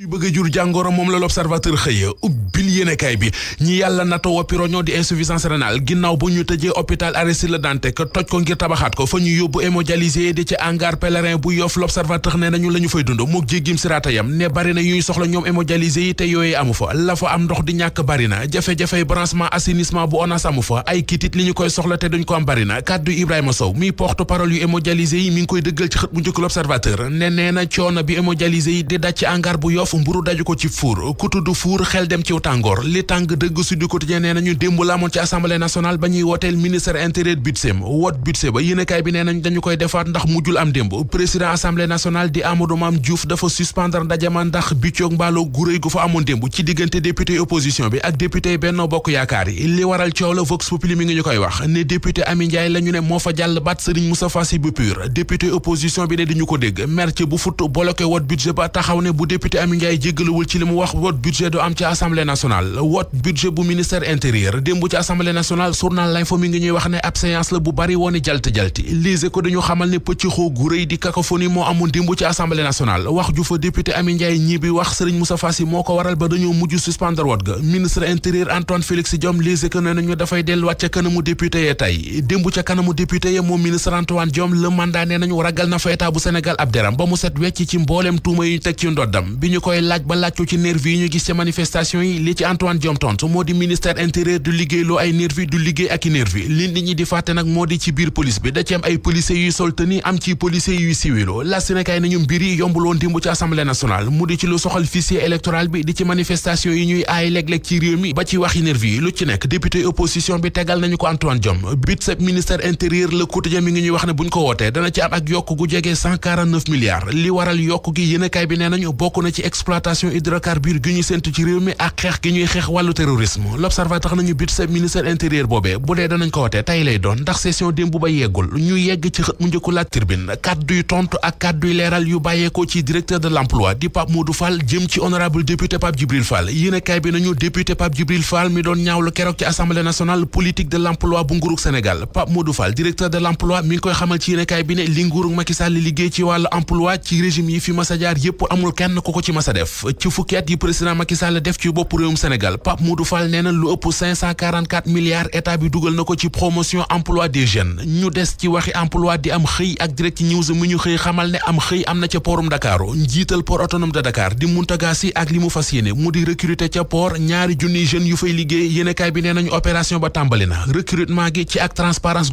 yu bëgg a jur jàngoro moom la l'observateur xëya ubbil yéenekaay bi ñi yàlla nato woppiro ñoo di insuffisance rénale ginnaaw ba ñu tëjee hôpital Aristide Le Dantec toj ko ngir tabaxaat ko fa ñu yóbbu hémodialysé di ci hangar pèlerin bu Yoff l'observateur nee nañu la fay dund mook jéggim siraata yam ne bari na soxla ñoom hémodialysé yi te yooyee amu fa la am ndox di ñàkk bari jafe-jafey branchement assainissement bu ONAS amu fa ay kitit li ñu koy daf mburu daju ko ci fuur ku tudd fuur xel dem ciw tàngoor li tàng dëgg Sud Quotidien nee nañu démb la ci assemblée nationale ba ñuy wooteel ministre intérieur budseem woot budse ba yéenekaay bi nee nañ koy defaat ndax mujjul am démb président assemblée nationale di Amadou Mame Diouf dafa suspendre ndajama ndax biccoog mbaaloo guréy gu fa amoon démb ci diggante député opposition bi ak député Benno Bokk Yaakaar yi li waral coow la Vox Populi Ndiaye jéggaluwul ci li mu wax vote budget du am ci assemblée nationale vote budget bu ministère intérieur démb ci assemblée nationale journal L'Info ngi ñuy wax ne ab séance la bu bari woon jalti-jalti lise ko dañu xamal ne pëcc xoo rëy di cacophonie moo amoon démb ci assemblée nationale wax ju fa député Ami Ndiaye ñi wax Serigne Moussa Fassi moo ko waral ba dañoo mujj suspendre vote ga ministre intérieur Antoine Félix Diome lise ko ne nañu dafay delluwaat ca ca kanamu député koy laaj ba laaj ci nervi yi ñu gis ci manifestation yi li ci Antoine Diome tontu moo di ministère intérieur du liggéeyloo ay nervi du liggéey ak i nervi li nit ñi di fàtte nag moo di ci biir police bi da ci am ay policiers yuy soltani am ci policiers yuy siwilo la Sénégal nañu mbir yi yombuloon dimb ci assemblée nationale mu di ci lu soxal fichier électoral bi di ci manifestation yi ñuy aay léeg-léeg ci réew mi ba ci wax ne bu ñu ko wootee exploitation hydrocarbure gi ñu séntu ci réew mi ak xeex gi ñuy xeex wàllu terrorisme l'observateur tax nañu but sa ministère intérieur boobee bu dee danañ ko wote tey lay doon ndax session démb ba yeggul ñu yegg ci xët mu njëkku la tribune kàdduy tontu ak kàdduy leeral yu bàyyeekoo ci directeur de l'emploi di Pape Modou jëm ci honorable député Pape Djibril Fall yéenekaay bi nañu député Pape Djibril Fall mi doon ñaawlu keroog ci assemblée nationale sa def ci fukki yi président Macky def ci bopp réewum Sénégal Pape Modou Fall nee na lu ëpp 544 milliards bi dugal na ko ci promotion emploi des jeunes ñu des ci waxi emploi di am xëy ak direct news mu ñu xëy xamal ne am xëy am na ca porum Dakaaru njiital port autonome de Dakar di Mountaga ak li mu fas mu di recruter ca port ñaari junniy jeunes yu fay liggéey yéenekaay bi nee nañu opération ba tàmbali na recrutement gi ci ak transparence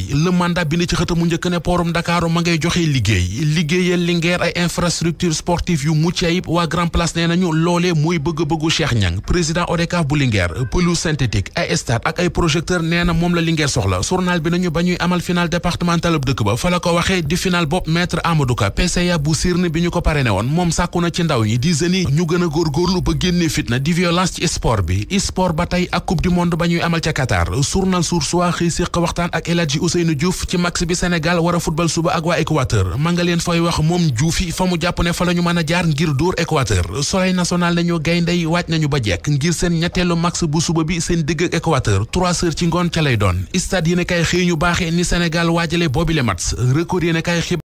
liggéey le mandat bi ne ci xëtamu njëkk ne poorum Dakar ma ngay joxe liggéey liggéeyal Linguère ay infrastructure sportive yu mucc waa Grand Place nee nañu loolee mooy bëgg-bëggu Cheikh Niang président ODCAV bu Linguère pelouse synthétique ay stade ak ay projecteur nee na moom la Linguère soxla journal bi nañu ba ñuy amal final départemental dëkk ba fa la ko waxee di final bopp maître Amadou Ka bu Sirne bi ñu ko pare ne woon moom sàkku na ci ndaw yi a Ousseynou Diouf ci match bi Sénégal war a football suba ak waa Équateur ma nga leen fay wax moom Diouf fa mu jàpp ne fa la ñu jaar ngir dóor Équateur soleil national nañu gayndey waaj nañu ba jekk ngir seen ñetteelu match bu suba bi seen digg ak trois heures ci ngoon ca lay doon stade yéen a kaay ni Sénégal waajale boobile record yéen a